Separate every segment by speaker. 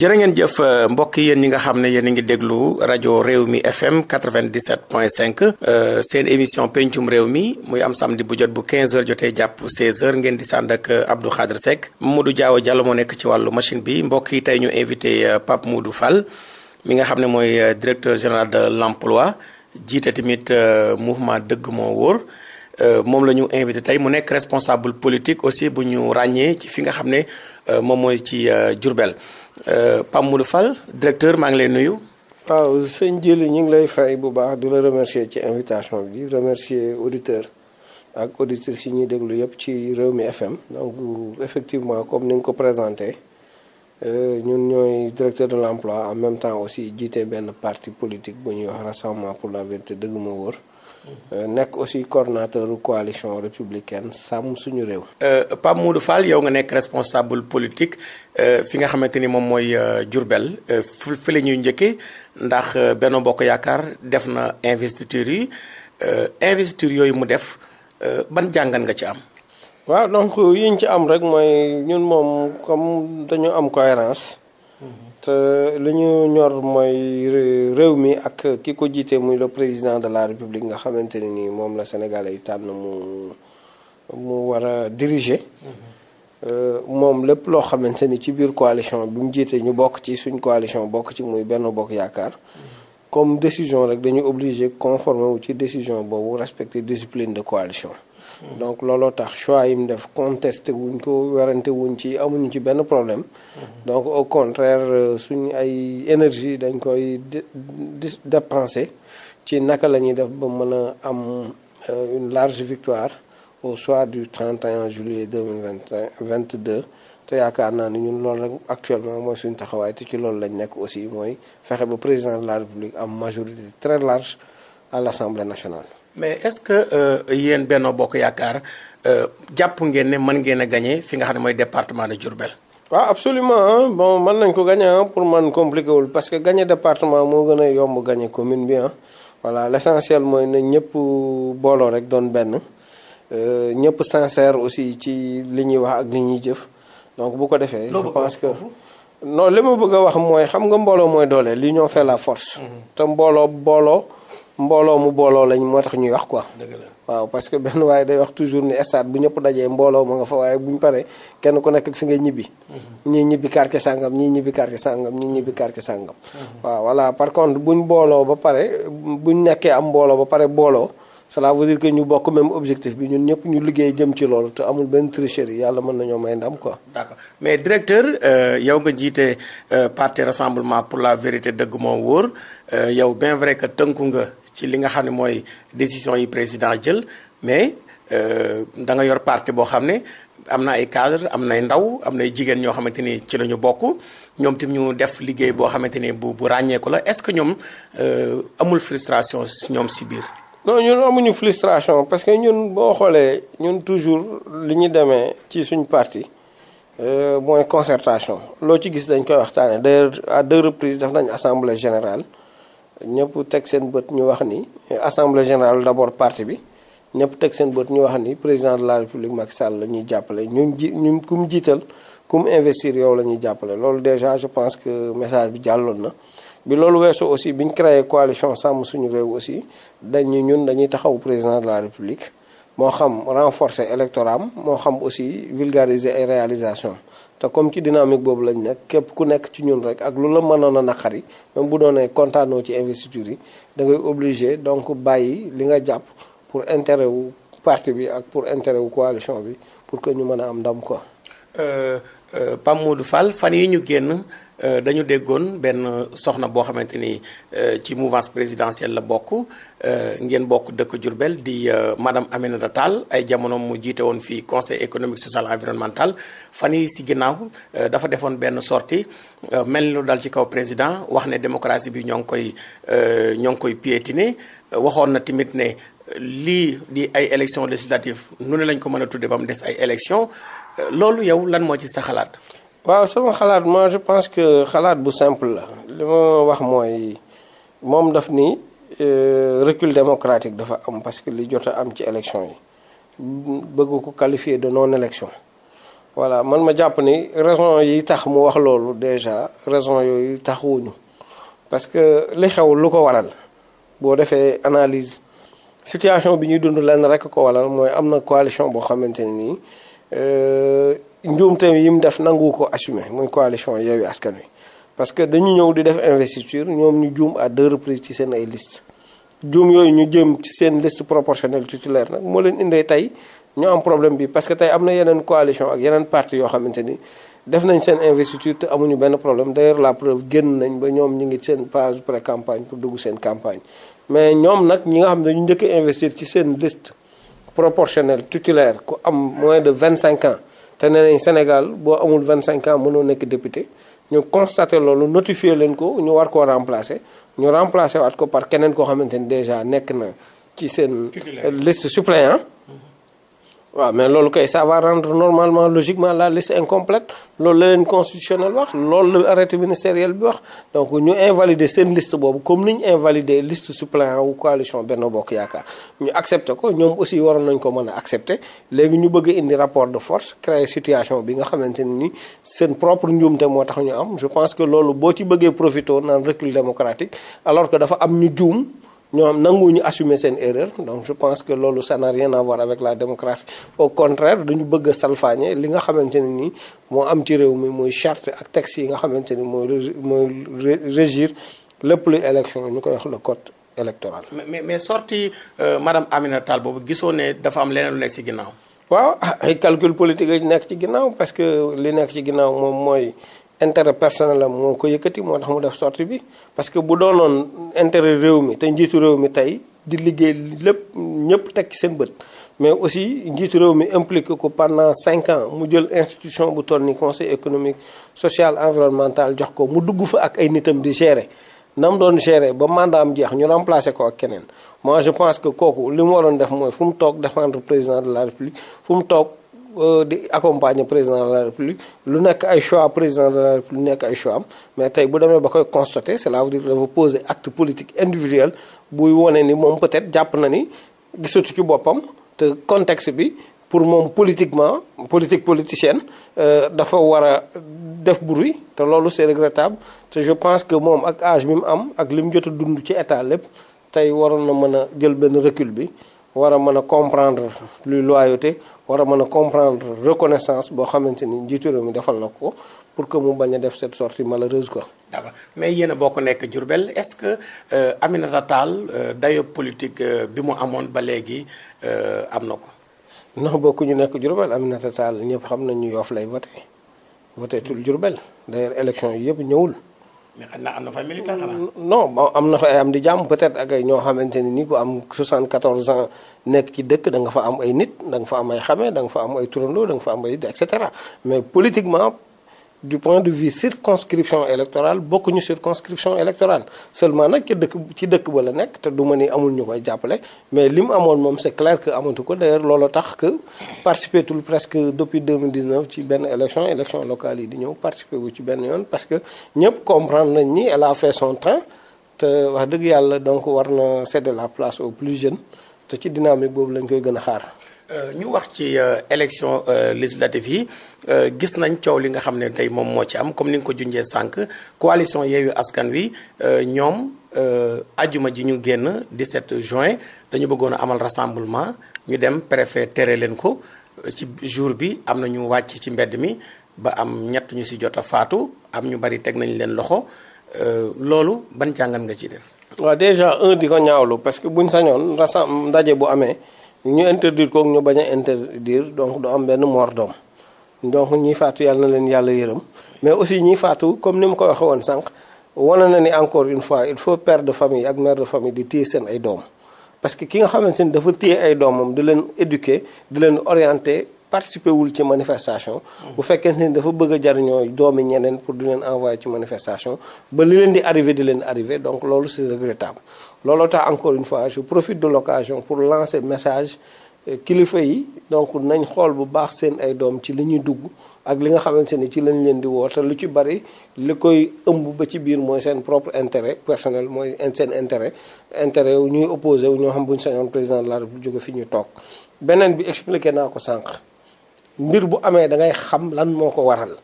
Speaker 1: jërë ngeen jëf euh, mbokk yéen ñi nga xam ne yéen a ngi déglu rajo réew mi FM 97.5 euh, seen émission pencum réew mi muy am samedi bu jot bu 15 jotee jàpp 16h ngeen di sànd ak euh, Abdou Khadre Seck Modou Diaw Diallo moo nekk ci wàllu machine bi mbokk yi tey ñu invité Pape Modou Fall mi nga xam ne mooy directeur général de l'emploi jiite tamit mouvement dëgg moo wóor. moom la ñu invité tey mu nekk responsable politique aussi bu ñu ràññee ci fi nga xam ne moom mooy ci Diourbel. Euh, Pape Modou Fall directeur maa ngi lay nuyu.
Speaker 2: waaw sëñ Jili ñu ngi lay fay bu baax di la remercier ci invitation bi remercier auditeur ak auditrices yi ñuy déglu yëpp ci réew mi FM donc effectivement comme ni nga ko présenté euh, ñun ñooy directeur de l'emploi en même temps aussi jiite benn parti politique bu ñuy wax rassemblement pour la vérité dëgg moo wóor. Euh, nekk aussi coordonnateur coalition républicaine sàmm suñu réew.
Speaker 1: Euh, Pape Modou Fall yow nga nekk responsable politique euh, fi nga xamante ni moom mooy Diourbel fi la ñuy njëkkee ndax Benno Bokk Yaakaar def na investiture yi investiture yooyu mu def ban jàngan nga ci am.
Speaker 2: waaw donc yi ñu ci am rek mooy ñun moom comme dañu am cohérence te li ñu ñor mooy réew mi ak ki ko jiitee muy le président de la république nga xamante ne ni moom la sénégalais yi tànn mu mu war a diriger. Mm-hmm. Euh, moom lépp loo xamante ni ci biir coalition bi mu jiitee ñu bokk ci suñ coalition bokk ci muy benn bokk yaakaar. Mm-hmm. comme décision rek dañu obligé conformer wu ci décision boobu respecter discipline de coalition. donc looloo tax choix yi mu def contesté wuñ ko werante wuñ ci amuñu ci benn problème. Mhm. donc au contraire euh, suñu ay énergie dañ koy dépenser ci naka la ñuy def ba mën a am euh, une large victoire au soir du 31 juillet 2022 te yaakaar naa ni ñun loolu rek actuellement mooy suñ taxawaay te ci loolu lañ nekk aussi mooy fexe ba président de la république am majorité très large à l'Assemblée nationale.
Speaker 1: mais est-ce que euh, yéen Benno Bokk Yaakaar euh, jàpp ngeen ne man ngeen a gagné fi nga xam ne mooy département de Diourbel.
Speaker 2: waaw absolument bon mën nañ ko a pour man compliqué wul parce que gagné département moo gën a yomb gagné commune bi ah voilà l'essentiel mooy na ñëpp booloo rek doon benn euh, ñëpp sincère aussi ci li ñuy wax ak li ñuy jëf donc bu ko defee. je pense que non li ma bëgg a wax mooy xam nga mbooloo mooy doole l'union fait la force. Mm-hmm. te mbooloo. mbooloo mu booloo lañ moo tax ñuy wax quoi. waaw parce que benn waaye day wax toujours ni stade bu ñëpp dajee mbooloo ma nga fa waaye bu ñu kenn ku nekk ak fi ngay ñibbi. Mhm. ñii ñibbi quartier sangam ñii ñibbi quartier sangam ñii ñibbi quartier sangam. Mhm. waaw voilà par contre buñ booloo ba pare buñ nekkee am mbooloo ba pare booloo. cela veut dire que ñu bokk même objectif bi ñun ñëpp ñu liggéey jëm ci loolu te amul benn tricherie yàlla mën nañoo may ndam quoi.
Speaker 1: d'accord mais directeur euh, yow nga jiite euh, parti rassemblement pour la vérité dëgg moo wóor euh, yow bien vrai que tënku nga ci li nga xam ne mooy décision yi président jël mais da nga yor parti boo xam ne am na ay cadre am na nay ndaw am na ay jigéen ñoo xamante ni ci la ñu bokk ñoom tim ñu def liggéey boo xamante ni bu bu ràññeeku la est-ce que ñoom amul frustration ñoom si
Speaker 2: non ñun amuñu frustration parce que ñun boo xoolee ñun toujours li ñu demee ci suñ parti euh, mooy concertation loo ci gis dañ koy waxtaanee d'ailleurs à deux reprises def nañ assemblée général ñëpp teg seen bët ñu wax ni assemblée générale d'abord parti bi ñëpp teg seen bët ñu wax ni président de la république Macky Sall la ñuy jàppale ñun ji ñun ku mu jiital ku investir yow la ñuy jàppale loolu déjà je pense que message bi jàlloon na bi loolu weesoo aussi bi ñu créé coalition sàmm suñu réew aussi dañu ñun dañuy taxaw président de la république moo xam renforcer électorat am moo xam aussi vulgariser ay réalisations te comme ci dynamique boobu lañ nekk képp ku nekk ci ñun rek ak lu la mënoon a naqari même bu doonee kontaanoo ci investiture yi da ngay obligé donc bàyyi li nga jàpp pour intérêt wu parti bi ak pour intérêt wu coalition bi pour que ñu mën a am ndam quoi. Euh, euh, Pape du Fall fan yi ñu génn.
Speaker 1: Euh, dañu déggoon benn soxna boo xamante ni euh, ci mouvance présidentielle la bokk euh, ngeen bokk dëkk Diourbel di madame Aminata taal ay jamono mu jiite woon fii conseil économique social environnemental fan yi si ginnaaw dafa defoon benn sorti mel ni lu dal ci kaw président wax ne démocratie bi ñoo ngi koy ñoo ngi koy piétiner waxoon na tamit ne lii di ay élections législatives nu ne lañ ko mën a tudde ba mu des ay élections loolu yow lan moo ci sa xalaat.
Speaker 2: waaw sama xalaat moi je pense que xalaat bu simple la li ma wax mooy moom daf ni euh, recul démocratique dafa am parce que li jot am ci élection yi bëgg ko qualifier de non élection voilà man ma jàpp ni raison yi tax mu wax loolu déjà raison yooyu taxuñu parce que li xew lu ko waral boo defee analyse situation bi ñuy dund lenn rekk ko waral mooy am na coalition boo xamante ni. Euh, njuum njuumte yi mu def nangu ko assumé muy coalition Yewwi Askan Wi parce que dañu ñëw di def investiture ñoom ñu juum à deux reprises ci seen ay liste juum yooyu ñu jëm ci seen liste proportionnelle titulaire nag moo leen indee tey ñu am problème bi parce que tey am na yeneen coalition ak yeneen parti yoo xamante ni def nañ seen investiture te amuñu benn problème d'ailleurs la preuve génn nañ ba ñoom ñu ngi seen phase pré campagne pour dugg seen campagne mais ñoom nag ñi nga xam ñu njëkk investir ci seen liste proportionnelle titulaire ku am moins de vingt cinq te nee nañ Sénégal boo amul 25 ans mënoo nekk député ñu constaté loolu notifié leen ko ñu war koo remplacer ñu remplacer waat ko par keneen koo xamante ni déjà nekk na ci seen liste suppléant mm-hmm. waaw mais loolu kay sa va rendre normalement logiquement la liste incomplète loolu la leen constitutionnel wax loolu la arrêté ministériel bi wax donc ñu invalider seen liste boobu comme ni ñu invalider liste suppléant wu coalition Benno Bokk Yaakaar ñu accepté ko ñoom aussi waroon nañ ko mën a accepté léegi ñu bëgg indi rapport de force créer situation bi nga xamante ne ni seen propre njuumte moo tax ñu am je pense que loolu boo ci bëggee profité naan recul démocratique alors que dafa am ñu juum. ñoom ñu assumer seen erreur donc je pense que loolu ça n'a rien à voir avec la démocratie au contraire dañu bëgg a salfaañe li nga xamante ne nii moo am ci réew mi mooy charte ak texte yi nga xamante ni mooy mooy régir lépp lu élection ñu koy wax le code électoral. mais mais
Speaker 1: mais sorti euh, madame Aminata Tall boobu gisoo ne dafa am leneen lu nekk ci ginnaaw.
Speaker 2: waaw ay calcul politique la nekk ci ginnaaw parce que li nekk ci ginnaaw moom mooy. intérêt personnel am moo ko yëkkati moo tax mu def sortie bi parce que bu doonoon intérêt réew mi te njiitu réew mi tey di liggéey lépp ñëpp teg seen bët mais aussi njiitu réew mi impliqué ko pendant cinq ans mu jël institution bu toll ni conseil économique social environnemental jox ko mu dugg fa ak ay nitam di na mu doon gérer ba mandat am jeex ñu remplacer ko ak keneen moi je pense que kooku li mu waroon def mooy fu mu toog défendre président la république fu mu toog Euh, di accompagner président de la république lu nekk ay choix président de la république lu nekk ay choix am mais tey bu demee ba koy constater cela veut dire que dafa poser acte politique individuel buy wone ni moom peut-être jàpp na ni gisatu ci boppam te contexte bi pour moom politiquement politique politicienne euh, dafa war a def bruit te loolu c'est regrettable te je pense que moom ak âge bi mu am ak li mu jot a dund ci état lépp tey waroon na mën a jël benn recul bi war a mën a comprendre luy war a mën a comprendre reconnaissance boo xamante ni njiitu réew mi defal na ko pour que mu bañ a def cette sortie malheureuse quoi. d'accord
Speaker 1: mais yéen a ko nekk Diourbel est-ce que euh, Aminata Tall euh, dayo politique euh, bi mu amoon ba léegi euh, am na
Speaker 2: ko. non bokkuñu nekk Diourbel Aminata Tall ñëpp xam nañu yoof lay voté voté tul Diourbel d'ailleurs élection yi yëpp ñëwul. mais xëy na am na fa militant xanaa. am na ay am di jàmm peut-être ak ñoo xamante ne nii ko am 74 ans nekk ci dëkk da nga fa am ay nit da fa am ay xame da nga fa am ay turandoo danga fa am ay et cetera mais politiquement. du point de vue circonscription électorale bokkuñu circonscription électorale seulement nag ci dëkk ci dëkk ba la nekk te du ma ni amul ñu koy jàppale mais li mu amoon moom c'est clair que amatu ko d'ailleurs loolu tax que participer presque depuis deux mil 2019 ci benn élection élection locale yi di ñëw participer wu ci benn yoon parce que ñëpp comprendre nañ ni elle a fait son train te wax dëgg yàlla donc war na céder la place aux plus jeunes te ci dynamique boobu lañ koy gën a xaar
Speaker 1: Euh, ñu wax ci euh, élection euh, législative yi gis nañ coow li nga xam ne tey moom moo ci am comme ni nga ko junjee sànq coalition Yewwi Askan Wi ñoom ajuma ji ñu génn di 17 juin dañu bëggoon a amal rassemblement ñu dem préfet tere leen ko ci jour bi am na ñu wàcc ci mbedd mi ba am ñett ñu si jot faatu am ñu bari teg nañ leen loxo loolu ban jàngat nga ci def.
Speaker 2: waaw déjà un ko ñaawlu parce que buñ sañoon rassemblement ndaje bu amee. ñu interdire kook ñu bañ a interdire donc doo am benn mort doom donc ñi faatu yàlla na leen yàlla yërëm mais aussi ñi faatu comme ni mu ko waxee woon sànq wane na ni encore une fois il faut père de famille ak mère de famille di téye seen ay doom parce que ki nga xamante ni dafa téye ay doomam di leen éduquer di leen orienter participé wul ci manifestation. Mm-hmm. bu fekkente ni dafa bëgg a jariñoo doomi ñeneen pour di leen envoyé ci manifestation ba li leen di arrivé di leen arrivé donc loolu c'est regrettable. looloo tax encore une fois je profit de l'occasion pour lancer message euh, kilifa yi donc nañ xool bu baax seen ay doom ci li ñuy dugg. ak li nga xamante ni ci lañ leen di woote lu ci bari li koy ëmb ba ci biir mooy seen propre intérêt personnel mooy seen intérêt intérêt u ñuy opposé wu ñoo xam bu ñu sañoon président de la jóge fi ñu toog beneen bi expliqué naa ko sànq. mbir bu amee da ngay xam lan moo ko waral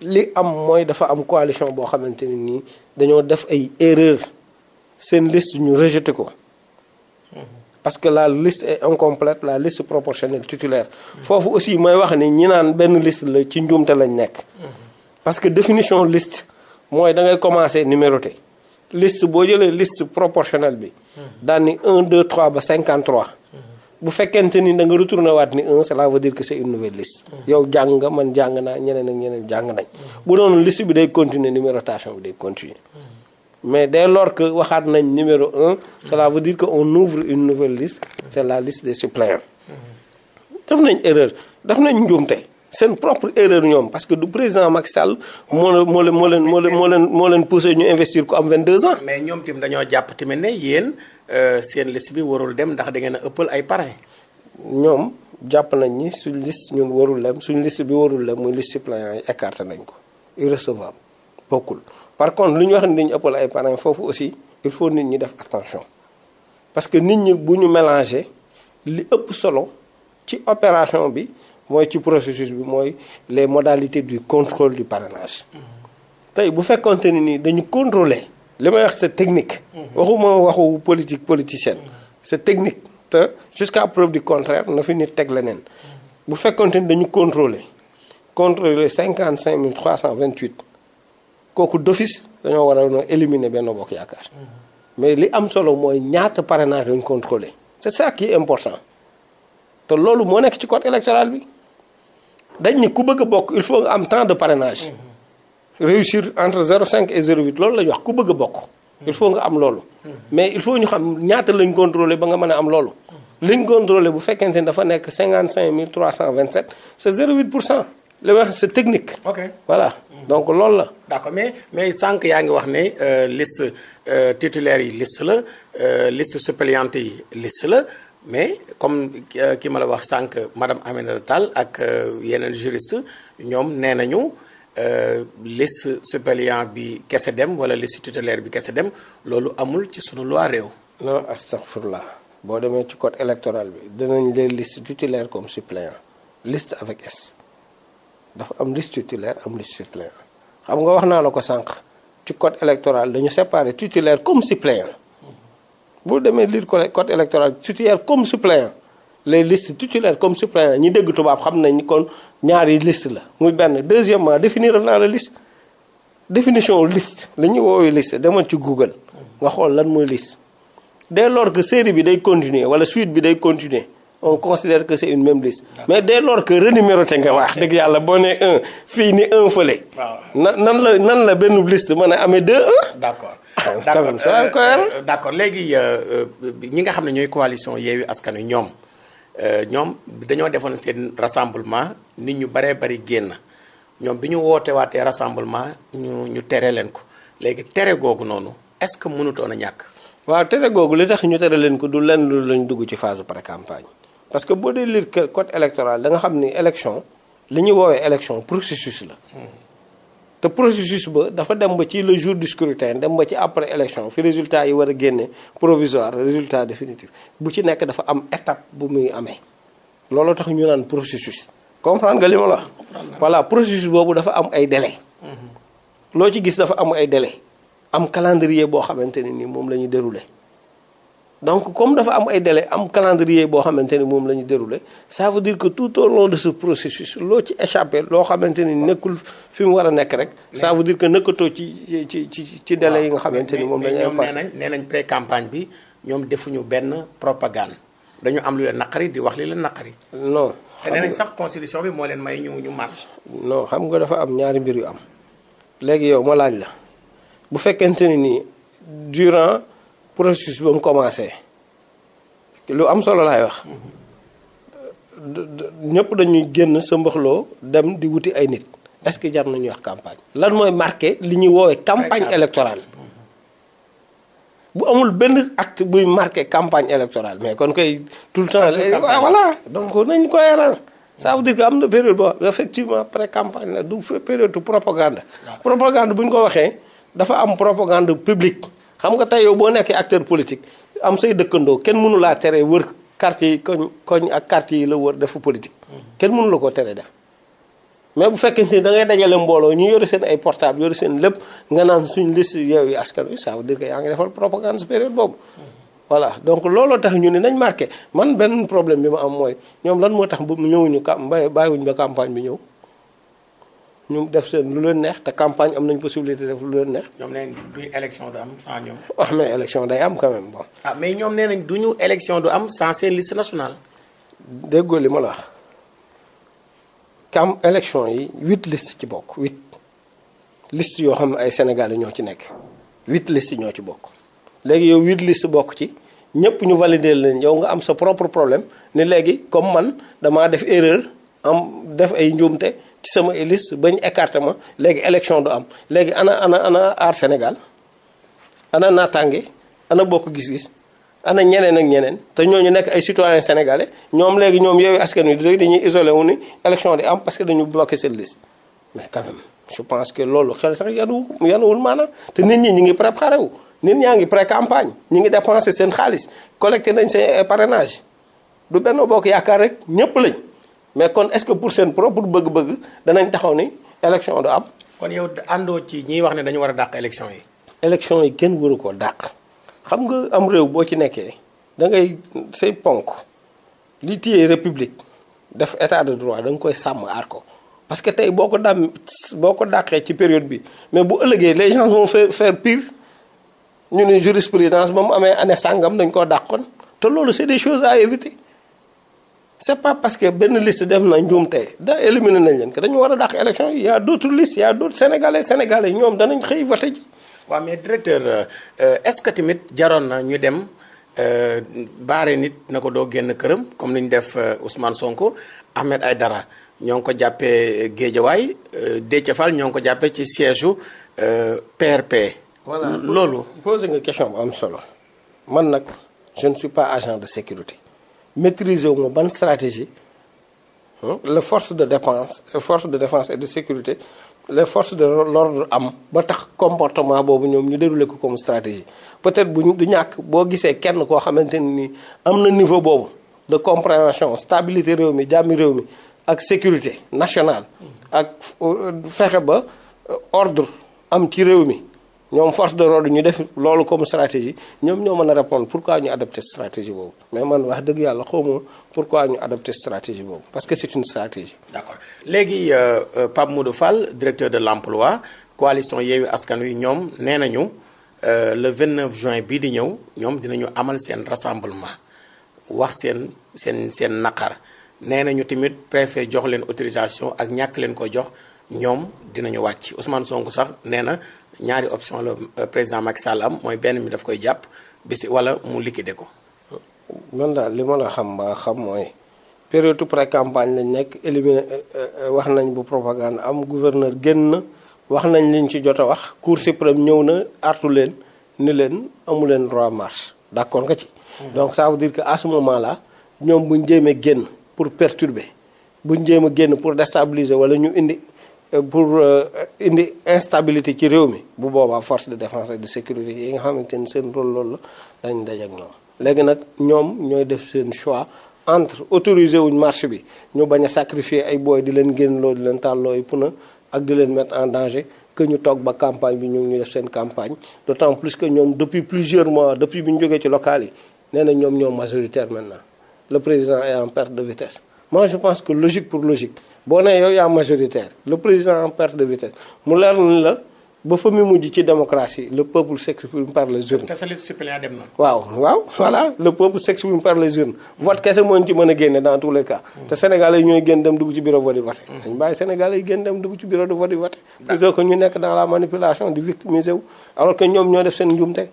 Speaker 2: li am mooy dafa am coalition boo xamante ne nii dañoo def ay erreur seen liste ñu rejeté ko parce que la liste est incomplète la liste proportionnelle titulaire foofu aussi mooy wax ni ñi naan benn liste la ci njuumte lañ nekk parce que définition list mooy dangay ngay commencer numéroté liste boo jëlee liste proportionnelle bi daal ni 1 2 3 ba 53 bu fekkente ni da nga retourné waat ni un cela la dire que c' est une nouvelle liste. yow jàng nga man jàng naa ñeneen ak ñeneen jàng nañ. bu doon liste bi day continuer numérotation bi day continuer. mais dès lors que waxaat nañ numéro un cela veut dire que on ouvre une nouvelle liste. c' est la liste des suppléants. def nañ erreur def nañ njuumte. seen propre erreur ñoom parce que du président Macky Sall. moo moo leen moo leen moo leen moo leen moo leen poussé ñu investir ko am 22 ans. mais ñoom tamit dañoo jàpp tamit ne yéen euh, seen
Speaker 1: liste bi warul dem ndax da ngeen a ëppal ay parrain.
Speaker 2: ñoom jàpp nañ ñi suñ liste ñun warul lem suñ liste bi warul dem muy liste suppléant yi écarté nañ ko irrecevable bokkul par contre lu ñu wax ni dañu ëppal ay parrain foofu aussi il faut nit ñi def attention parce que nit ñi bu ñu mélangé li ëpp solo ci opération bi. mooy ci processus bi mooy les modalités du contrôle du parrainage tey bu fekkonte ne nii dañu contrôler li may wax c'est technique waxuma waxu politique politicienne c'est technique te jusqu'à preuve du contraire na fi nit teg leneen bu fekkonte ni dañu contrôler contrôler cinquante cinq mille trois cent vingt huit kooku d'office dañoo war a no éliminer Benno Bokk Yaakaar mais li am solo mooy ñaata parrainage dañu contrôler c'est ça qui important te loolu moo nekk ci code électoral bi dañ ni ku bëgg bokk il faut nga am temps de parrainage réussir entre 0,5 et huit loolu la wax ku bëgg bokk il faut nga am loolu mais il faut ñu xam ñaata lañ contrôlé ba nga mën a am loolu liñ contrôlé bu fekkente ni dafa nekk 55 327 c'est 0,8 pour cent li wax c'est technique. ok voilà donc loolu la. d'accord mais mais
Speaker 1: sànq yaa ngi wax ne euh, liste euh, titulaire yi liste la euh, liste suppléante yi liste la. mais comme euh, ki ma la wax sànq madame Aminata Tall ak euh, yeneen juriste ñoom nee nañu euh, liste suppléant bi kese dem wala liste titulaire bi kese dem loolu amul ci sunu loi réew.
Speaker 2: non astaghfirullah boo demee ci code électoral bi dinañ leen liste titulaire comme suppléant list avec S dafa am liste titulaire am liste suppléant xam nga wax naa la ko sànq ci code électoral dañu séparer titulaire comme suppléant. bu demee lire code électoral titulaire comme suppléant les listes titulaires comme suppléant ñi dégg tubaab xam nañ kon ñaari liste la muy benn deuxièmement définir naa la liste définition liste li ñuy woowee liste demal ci Google nga xool lan mooy liste dès lors que série bi day continuer wala suite bi day continuer on considère que c' une même liste. mais dès lors que te nga wax dëgg yàlla boo nee un fii ni un fële. na nan la nan la benn liste mën a amee deux un. d' accord
Speaker 1: ah, d' accord euh, euh, d' accord léegi euh, ñi nga xam ne ñooy coalition Yewwi Askan Wi ñoom ñoom dañoo defoon seen rassemblement nit ñu baree bari génn ñoom bi ñu woote waatee rassemblement ñu ñu tere leen ko
Speaker 2: léegi tere googu noonu est-ce que mënutoon a ñàkk. waaw tere googu li tax ñu tere leen ko du lenn lu lañ dugg ci phase pré-campagne. parce que boo dee lire code électoral da nga xam ni élection li ñu woowee élection processus la. te processus ba dafa dem ba ci le jour du dem ba ci après élection fi résultat yi war a génne provisoire résultat définitif bu ci nekk dafa am étape bu muy amee looloo tax ñu naan processus. comprendre nga li ma la wax. voilà processus boobu dafa am ay délai. Mhm. loo ci gis dafa am ay délai am calendrier boo xamante ne ni moom la ñu déroulé. donc comme dafa am ay délai am calendrier boo xamante ni moom la ñu déroulé ça dire que tout au long de ce processus loo ci échappé loo xamante ni nekkul fi mu war a nekk rek. ça veut dire que nëkkatoo ci
Speaker 1: ci ci ci délai yi nga xamante ni moom la ñu. mais neenañ nee campagne bi ñoom defuñu benn propagande dañu am lu leen naqari di wax li leen naqari. non xam nee nañ sax constitution bi moo
Speaker 2: leen may ñu ñu marche. non xam nga dafa am ñaari mbir yu am. léegi yow ma laaj la bu fekkente ni nii processus ba mu commencé lu am solo lay wax ñëpp dañuy génn sa mbaxloo dem di wuti ay nit est-ce que jar nañuy wax campagne lan mooy marqué li ñuy woowee campagne électoral bu amul benn act buy marqué campagne électoral mais kon koy tout le temps eh, voilà donc nañ cohérent ça veut dire que am na période boo effectivement pré campagne la du période de propagande propagande bu ñu ko waxee dafa am propagande publique xam nga tey yow boo nekkee acteur politique am say dëkkandoo kenn mënu laa tere wër quartier yi koñ koñ ak quartier yi la wër defu politique kenn mënu la ko tere def mais bu fekkente ni da ngay dajale mbooloo ñu yore seen ay portable yore seen lépp nga naan suñ liste yow yi askan wi ça veut dire que yaa ngi defal propagande période boobu voilà donc looloo tax ñu ne nañ marqué man benn problème bi ma am mooy ñoom lan moo tax bu ñëwuñu ka bàyyiwuñ ba campagne bi ñëw ñu def seen lu leen neex te campagne am nañ possibilité def lu leen neex. ñoom nee duñu élection du am sans ñoom. wax mais day am quand même bon. Ah, mais ñoom nee nañ duñu élection du am sans seen liste nationale. li ma wax kam élection yi huit listes ci bokk huit liste yoo xam ne ay sénégalais ñoo ci nekk huit listes ñoo ci bokk léegi yow huit listes bokk ci. ñëpp ñu validé leen yow nga am sa propre problème ni léegi comme man damaa def erreur am def ay njuumte ci sama liste bañ écarté ma léegi élection du am léegi ana ana ana aar Sénégal ana naataange ana bokk gis-gis ana ñeneen ak ñeneen te ñooñu nekk ay citoyens sénégalais ñoom léegi ñoom yooyu askan wi dañuy isolé wu ni élection di am parce que dañu bloqué seen liste mais quand je pense que loolu xel sax yanu yanuwul maana te nit ñi ñi ngi préparé wu nit ñaa ngi pré campagne ñi ngi dépensé seen xaalis collecté nañ seen parrainage du benn bokk yaakaar rek ñëpp lañ. mais kon est-ce que pour seen propre bëgg-bëgg danañ taxaw ni élection du am.
Speaker 1: kon yow àndoo ci ñiy wax ne dañu war a dàq
Speaker 2: élection yi. élection yi kenn waru koo dàq xam nga am réew boo ci nekkee da ngay say ponk li téye république def état de droit da nga koy sàmm aar ko. parce que tey boo ko dam boo ko dàqee ci période bi mais bu ëllëgee les gens vont faire faire ñu ne jurisprudence ba mu amee année sàngam dañ koo dàqoon te loolu c'est des choses à éviter. c' est pas parce que benn liste def na njuumte da éliminer nañ leen que dañu war a dàq élection yi y' a d' autres listes y' ñoom danañ xëy voté
Speaker 1: ji. waaw mais directeur euh, est ce que jaroon na ñu dem euh, baare nit na ko doo génn këram comme li ñu def euh, Ousmane Sonko Ahmed dara ñoo ngi ko jàppee Géejawaay Déthié Fall ñoo ngi ko jàppee ci siège u PRP.
Speaker 2: voilà loolu. posé nga question bu am solo man nag je ne suis pas agent de sécurité. maîtriser wu ma ban stratégie les forces de défense les forces de défense et de sécurité les forces de l'ordre am ba tax comportement boobu ñoom ñu déroulé ko comme stratégie peut-être bu du ñàkk boo gisee kenn koo xamante ni am na niveau boobu de compréhension stabilité réew mi jàmmi réew mi ak sécurité nationale ak euh, fexe ba euh, ordre am ci réew mi ñoom force de l'ordre ñu def loolu comme stratégie ñoom ñoo mën a répondre pourquoi ñu adopté stratégie boobu mais man wax dëgg yàlla xawma pourquoi ñu adopté stratégie boobu parce que c'est une stratégie. d'accord
Speaker 1: léegi euh, euh, Pape Modou Fall directeur de l'emploi coalition Yewwi Askan Wi ñoom nee nañu euh, le 29 juin bii di ñëw ñoom dinañu amal seen rassemblement wax seen seen seen naqar nee nañu tamit préfet jox leen autorisation ak ñàkk leen ko jox ñoom dinañu wàcc Ousmane Sonko sax nee na ñaari option la euh, président Macky Sall mooy benn mi daf koy jàpp bisi wala mu liquider ko.
Speaker 2: man daal li ma la xam ba xam mooy période pré campagne lañ nekk éliminé euh, euh, wax nañ bu propagande am gouverneur génn na wax nañ liñ ci jot a wax cour suprême ñëw na artu leen ni leen amul leen roi marche d'accord nga ci. Hmm. donc ça veut dire que à ce ñoom buñ jéemee génn pour perturber buñ jéem a génn pour déstabiliser wala ñu indi Euh, pour euh, indi instabilité ci réew mi bu boobaa force de défense et de sécurité yi nga xamante ni seen rôle loolu la dañ daje ak ñoom léegi nag ñoom ñooy def seen choix entre autoriser wuñ marché bi ñu bañ a sacrifier ay booy di leen génn loo di leen tàlloo ay pneu ak di leen mettre en danger que ñu toog ba campagne bi ñu ngi ñu def seen campagne d' autant plus que ñoom depuis plusieurs mois depuis bi ñu jógee ci local yi nee na ñoom ñoo majoritaire maintenant le président est en de vitesse moi je pense que boo nee yow yaa majoritaire le président en perte de vitesse mu la ni la ba fa mu mujj ci démocratie le peuple s'exprime par les urnes.
Speaker 1: kese liste dem na.
Speaker 2: waaw waaw voilà le peuple s'exprime par le urnes vote kese moo ñu ci mën a génne dans tous les cas. te sénégalais dem dugg ci bureau vote yi vote. dañu bàyyi dem dugg ci bureau de vote yi vote. plutôt que ñu nekk dans la manipulation di victimiser wu alors que ñoom ñoo def seen njuumte.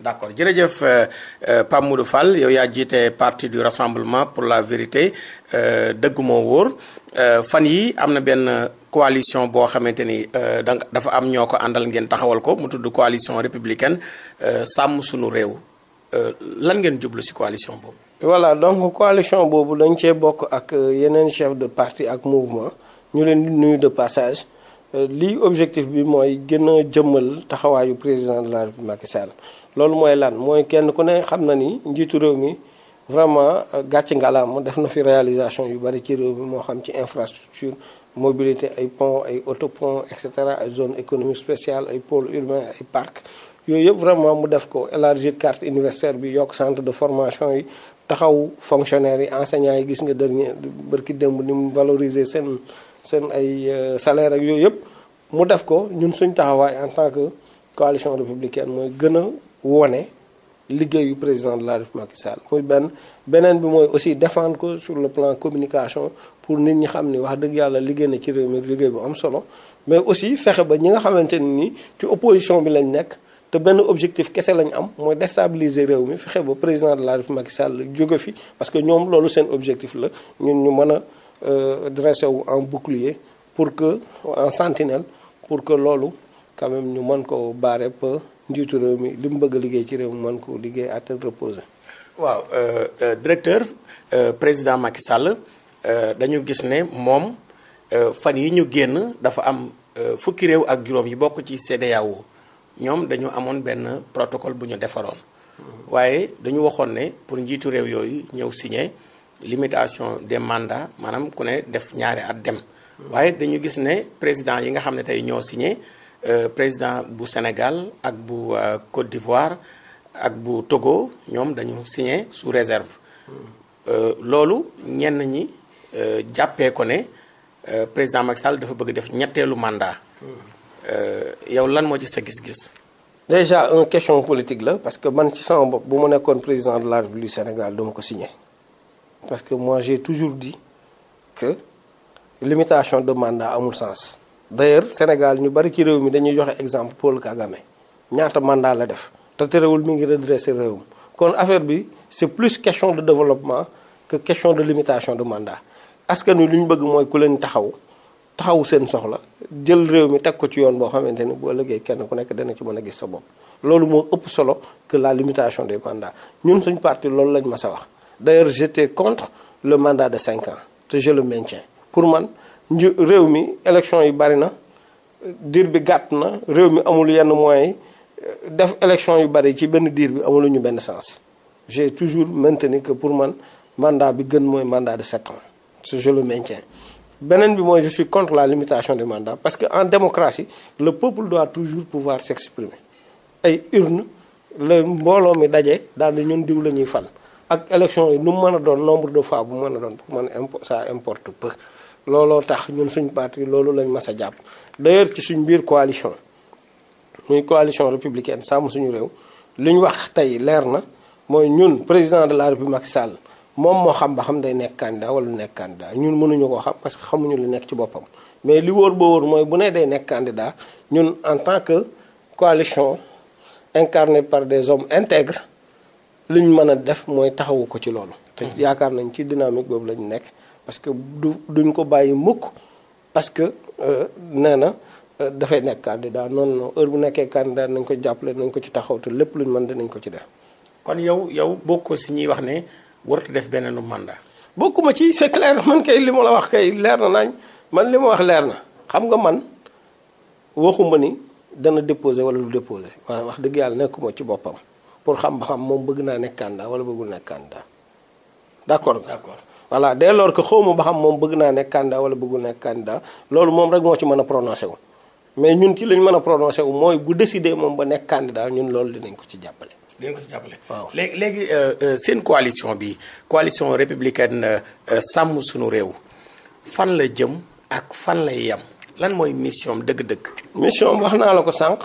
Speaker 1: d'accord jërëjëf euh, euh, Pape Modou Fall yow yaa jiite parti du rassemblement pour la vérité euh, dëgg moo wóor. Euh, fan yi am na benn coalition boo xamante ni euh, danga dafa am ñoo ko àndal ngeen taxawal ko mu tudd coalition républicaine euh, sàmm suñu réew lan ngeen jublu ci coalition boobu.
Speaker 2: voilà donc coalition boobu dañ cee bokk ak yeneen chef de parti ak mouvement ñu leen di nuyu de passage lii objectif bi mooy gën a jëmmal taxawaayu président de la République Macky Sall loolu mooy lan mooy kenn ku ne xam na ni njiitu réew mi. vraiment euh, gàcc ngalaam def na fi réalisation yu bari ci réew mi moo xam ci infrastructure mobilité ay pont ay autopont et cetera ay zone économie spéciale ay pôle urbain ay parc yooyu yëpp vraiment mu def ko élargir carte universitaire bi yokk centre de formation yi taxaw fonctionnaires yi enseignants yi gis nga dernier bërki démb ni mu valoriser seen seen ay euh, salaire ak yooyu yëpp mu def ko ñun suñ taxawaay en tant que coalition républicaine mooy gën a wone liggéeyu président de la République Macky Sall muy benn beneen bi mooy aussi défendre ko sur le plan communication pour nit ñi xam ni wax dëgg yàlla liggéey na ci réew mi liggéey bu am solo mais aussi fexe ba ñi nga xamante ne ni ci opposition bi lañ nekk te benn objectif kese lañ am mooy déstabiliser réew mi fexe ba président de la République Macky Sall jóge fi parce que ñoom loolu seen objectif la ñun ñu mën a euh, dressé wu en bouclier pour que en sentinelle pour que loolu quand ñu mën ko barrer peu njiitu réew mi li mu bëgg liggéey ci réew mi mën ko liggéey à tête reposée.
Speaker 1: waaw euh, euh, directeur euh, président Macky Sall dañu gis ne moom fan yi ñu génn dafa am fukki réew ak juróom yi bokk ci CEDEAO ñoom dañu amoon benn protocole bu ñu defaroon. waaye dañu waxoon ne pour njiitu réew yooyu ñëw signé limitation des mandats maanaam ku ne def ñaari at dem. Hmm. waaye dañu gis ne président yi nga xam ne tey ñoo signé. Euh, président bu Sénégal ak bu euh, Côte d'Ivoire ak bu Togo ñoom dañu signé sous réserve hmm. euh, loolu ñenn ñi jàppee ko ne président Macky Sall dafa bëgg def ñetteelu mandat hmm. yow lan moo ci sa
Speaker 2: gis-gis déjà une question politique la parce que man ci sama bopp bu mu nekkoon président de la République Sénégal duma ko signé parce que moi j'ai toujours di que limitation de mandat amul sens d'ailleurs Sénégal ñu bari ci réew mi dañuy joxe exemple Paul Kagame ñaata mandat la def te terewul mi ngi redressé réewum kon affaire bi c'est plus question de développement que question de limitation de mandat askan wi lu ñu bëgg mooy ku leen taxaw taxawu seen soxla jël réew mi teg ko ci yoon boo xamante ni boo liggéey kenn ku nekk dana ci mën a gis sa bopp loolu moo ëpp solo que la limitation des mandats ñun suñ partie loolu lañ ma sa wax d'ailleurs j'étais contre le mandat de cinq ans te je pour man nju réew mi élection yi bari na diir bi gàtt na réew mi amul yenn moyens yi euh, def élection yu bari ci benn diir bi amul ñu benn sens j'ai toujours maintenu que pour man mandat bi gën mooy mandat de sept ans je le maintiens beneen bi mooy je suis contre la limitation de mandats parce que en démocratie le peuple doit toujours pouvoir s'exprimer ay urne la mbooloo mi dajee daal di ñun diw la ñuy fal ak élection yi nu mu mën a doon nombre de fois bu mën a doon pour man ça importe peu looloo tax ñun suñ parti loolu lañ mas a jàpp d'ailleurs ci suñ biir coalition muy coalition républicaine sàmm suñu réew li ñu wax tey leer na mooy ñun président de la république Macky Sall moom moo xam ba xam day nekk candidat wala nekk candidat ñun mënuñu koo xam parce que xamuñu lu nekk ci boppam mais li wóor ba wóor mooy bu nee day nekk candidat ñun en tant que coalition incarnée par des hommes intègres li ñu mën a def mooy taxawu ko ci loolu te yaakaar nañ ci dynamique boobu la ñu nekk parce que du duñ ko bàyyi mukk parce que euh, nee na euh, dafay nekk candidat noonu non heure bu nekkee candidat nañ ko jàppale nañ ko ci taxaw te lépp luñ mën danañ ko ci def. kon yow yow bokkoo si ñuy wax ne warut def beneen mandat. bokkuma ci c'est clair man kay li ma la wax kay leer na naañ man li ma wax leer na xam nga man waxuma ni dana déposé wala lu déposé waaye wax dëgg yàlla nekkuma ci boppam pour xam ba xam moom bëgg naa nekk candidat wala bëggul nekk candidat d'accord d'accord. voilà dès lors xaw xawma ba xam moom bëgg naa nekk candidat wala bëggul nekk candidat loolu moom rek moo ci mën a prononcé wu mais ñun kii lañ mën a prononcé wu mooy bu décidé moom ba nekk candidat ñun loolu dinañ ko ci jàppale dinañ ko ci jàppale
Speaker 1: léegi léegi euh, euh, seen coalition bi coalition républicaine euh, sàmm suñu réew fan la jëm
Speaker 2: ak fan lay yem lan mooy mission dëgg-dëgg mission wax naa la ko sànq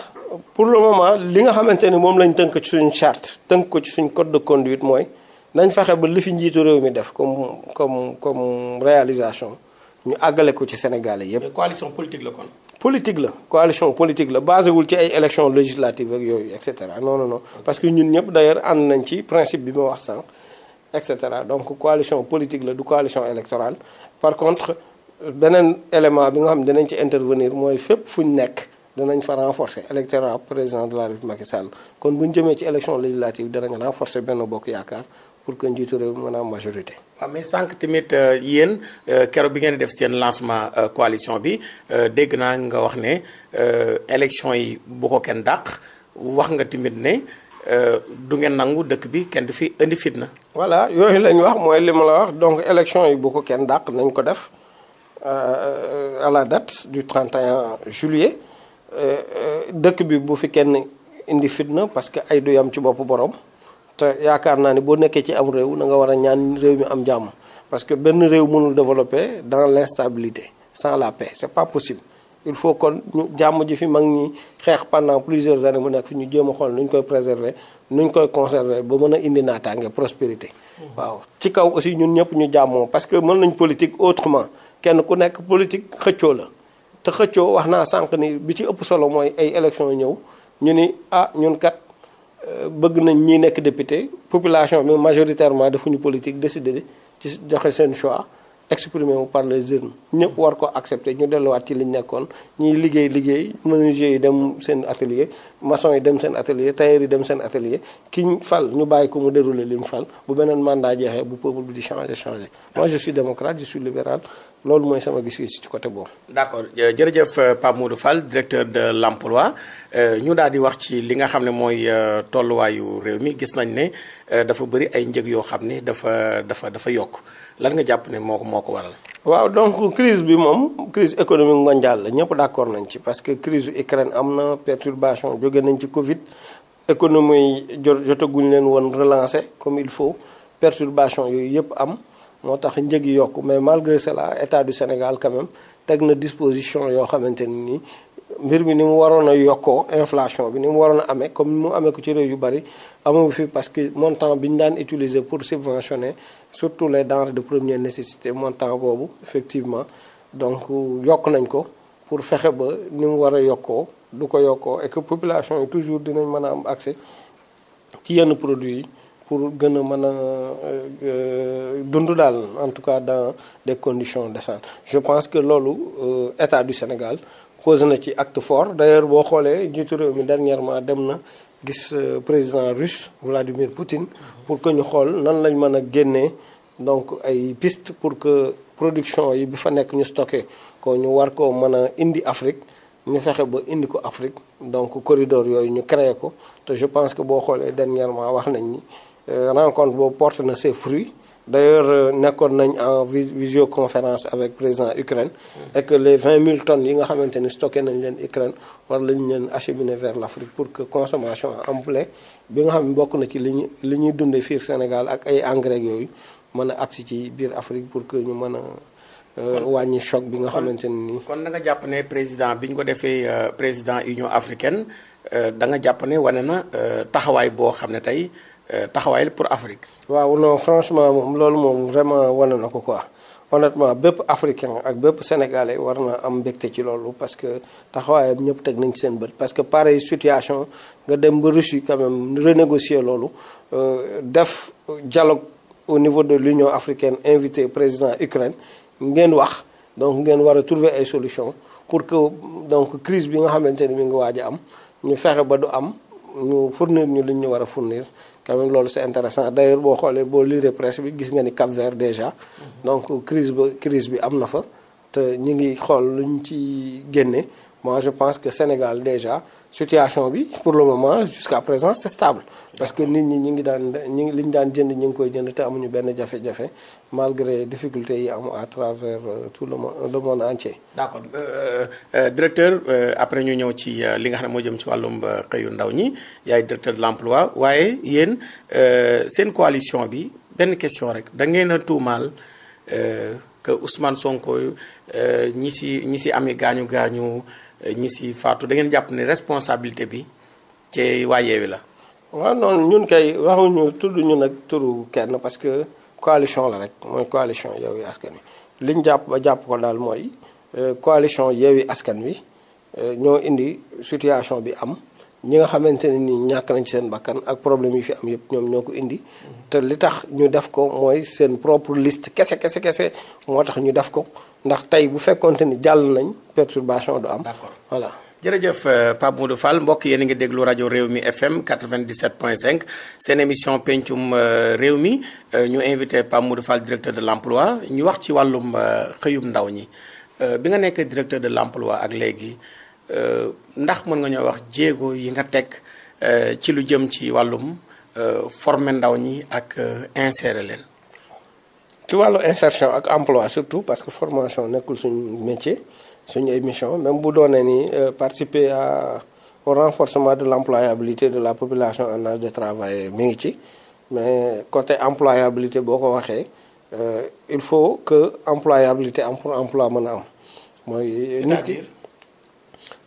Speaker 2: pour le moment li nga xamante ni moom lañ tënk ci suñ chart tënk ko ci suñ code de conduite mooy nañ fexe ba li fi njiitu réew mi def comme comme comme réalisation ñu àggale ko ci Sénégalais yépp coalition politique la kon. politique la coalition politique la basé wul ci ay élections législatives ak yooyu et cetera non non parce que ñun ñëpp d'ailleurs ànd nañ ci principe bi ma wax sànq et cetera donc coalition politique la du coalition électorale par contre beneen élément bi nga xam ne danañ ci intervenir mooy fépp fu ñu nekk danañ fa renforcer électorat président de la République Macky Sall kon bu ñu jëmee ci élection législative danañ renforcer Benno Bokk Yaakaar pour que njiitu réew mën a am majorité.
Speaker 1: waaw mais sànq tamit euh, yéen euh, kero bi ngeen def seen lancement euh, coalition bi dégg naa nga wax ne élection yi bu ko kenn dàq wax nga tamit ne du ngeen nangu dëkk bi kenn du fi indi fitna.
Speaker 2: voilà yooyu lañ wax mooy li la wax donc élection yi bu ko kenn dàq nañ ko def à la date du 31 juillet dëkk bi bu fi kenn indi fitna parce que ay du yam ci boppu boroom te yaakaar naa ne boo nekkee ci am réew na nga war a ñaan réew mi am jàmm parce que benn réew mënul développer dans l'instabilité sans la paix c'est pas possible il faut kon ñu jàmm ji fi mag ñi xeex pendant plusieurs années mu nekk fi ñu jéema xool nu ñu koy préserver nu ñu koy conserver ba mën a indi naataange prospérité. waaw ci kaw aussi ñun ñëpp ñu jàmmoo parce que mën nañ politique autrement kenn ku nekk politique xëccoo la te xëccoo wax naa sànq ni bi ci ëpp solo mooy ay élections ñëw ñu ni ah, bëgg nañ ñi nekk député population bi majoritairement defuñu politique décidé ci joxe seen choix exprimé wu par les urnes ñëpp war ko accepté ñu delluwaat ci liñ nekkoon ñiy liggéey liggéey menuisier yi dem seen atelier mason yi dem seen atelier tailleur yi dem seen atelier kiñ fal ñu bàyyi ko mu déroulé li mu fal bu beneen mandat jeexee bu peuple bi di changé changé moi je suis démocrate je suis libéral loolu mooy sama gis-gis ci côté boobu.
Speaker 1: d' accord euh, jërëjëf euh, Pape Modou Fall directeur de l' euh, ñu daal di wax ci li nga xam ne mooy tolluwaayu réew mi gis nañ ne dafa bëri ay njëg yoo xam ne dafa dafa dafa yokk lan nga jàpp ne moo ko moo ko waral.
Speaker 2: waaw donc crise bi moom crise économique mondiale la ñëpp d' accord nañ ci parce que crise Ukraine am na perturbation jóge nañ ci Covid économie yi jotaguñ leen woon relancer comme il faut perturbation yooyu yëpp am. moo tax njëg yi yokk mais malgré cela état du Sénégal quand teg na disposition yoo xamante ni nii mbir mi ni mu waroon a yokkoo inflation bi ni mu waroon a amee comme ni mu amee ko ci réew yu bari amu fi parce que montant bi ñu daan utiliser pour subventionner surtout les denrées de première nécessité montant boobu effectivement donc yokk nañ ko pour fexe ba ni mu war a yokkoo du ko yokkoo et que population yi toujours dinañ mën a am accès ci yenn produits yi pour gën a mën a euh, euh, dund daal en tout cas dans des conditions décentes je pense que loolu euh, état du Sénégal pose na ci acte fort d'ailleurs boo xoolee jiitu réew mi dernièrement dem na gis président russe Vladimir Poutine pour que ñu xool nan lañ mën a génnee donc ay piste pour que production yi bi fa nekk ñu stocké ko ñu war ko mën a indi Afrique ñu fexe ba indi ko Afrique donc corridor yooyu ñu créé ko te je pense que boo xoolee dernièrement wax nañ ni Euh, rencontre boobu porte na ses fruits d'ailleurs euh, nekkoon nañ en visioconférence avec président Ukraine mm. et que vingt mille tonnes yi nga xamante ni stocké nañ leen Ukraine war lañ leen acheminer vers l'Afrique pour que consommation en blé bi nga xam ne bokk na ci li ñu li ñuy dundee fii Sénégal ak ay engrais yooyu mën a agsi ci biir Afrique pour que ñu mën a euh, wàññi choc bi nga xamante ni. kon da jàpp
Speaker 1: ne président bi ñu ko defee président Union africaine da nga jàpp ne wane na taxawaay boo xam ne tey Euh, taxawaay pour Afrique.
Speaker 2: waaw non franchement moom loolu moom vraiment wane na ko quoi honnêtement bépp africain ak bépp sénégalais war na am mbégte ci loolu parce que taxawaayam ñëpp teg nañ seen bët parce que pareille situation nga dem ba Russie quand même renégocier loolu euh, def dialogue au niveau de l'Union africaine invité président Ukraine ngeen wax donc ngeen war a trouver ay solution pour que donc crise bi nga xamante ni mi ngi waaj a am ñu fexe ba du am ñu ñu li ñu war a fournir. quand loolu c'est intéressant d'ailleurs boo xoolee boo lire presse bi gis nga ni Cap Vert déjà mhm. donc crise ba crise bi am na fa te ñu ngi xool luñ ci génne moi je pense que Sénégal déjà situation bi pour le moment jusqu'à présent c'est stable parce que nit ñi ñi ngi daan ñi li ñu daan jënd ñi ngi koy jënd te amuñu benn jafe-jafe malgré difficulté yi am à travers euh, tout le monde le monde entier.
Speaker 1: d'accord euh, euh,
Speaker 2: euh, directeur euh, après ñu ñëw ci li nga xam ne moo jëm ci wàllum
Speaker 1: xëyu ndaw ñi yaay directeur de l'emploi waaye yéen seen coalition bi benn question rek da ngeen a tuumaal que Ousmane Sonko ñi si ñi si amee gaañu gaañu. ñi si faatu da jàpp ni responsabilité bi ci waaye
Speaker 2: wi la. waaw noonu ñun kay waxuñu tudd ñu nag turu kenn parce que coalition la rek mooy coalition Yewwi Askan Wi li ñu jàpp ba jàpp ko daal mooy euh, coalition Yewwi Askan Wi euh, ñoo indi situation bi am. ñi nga xamante ne nii ñàkk nañ ci seen bakkan ak problème yi fi am yëpp ñoom ñoo ko indi te li tax ñu def ko mooy seen propre list kese kese kese moo tax ñu def ko ndax tey bu fekkonte ni jàll nañ perturbation du am. d'accord
Speaker 1: voilà. jërëjëf euh, Pape Modou Fall mbokk yéen a ngi déglu rajo réew mi FM 97.5 seen émission pencum euh, réew mi euh, ñu invité Pape Modou Fall directeur de l'emploi ñu wax ci wàllum xëyum ndaw ñi bi nga nekk directeur de l'emploi ak léegi. Euh, ndax mën nga ñoo wax jéego yi nga teg euh, ci lu jëm ci wàllum euh, former ndaw ñi ak insérer
Speaker 2: leen. ci wàllu insertion ak emploi surtout parce que formation nekkul suñu métier suñu ay mission même bu doonee ni participer à au renforcement de l'employabilité de la population en âge de travail mi ngi ci mais côté employabilité boo ko waxee il faut que employabilité am pour emploi mën a am mooy nit ki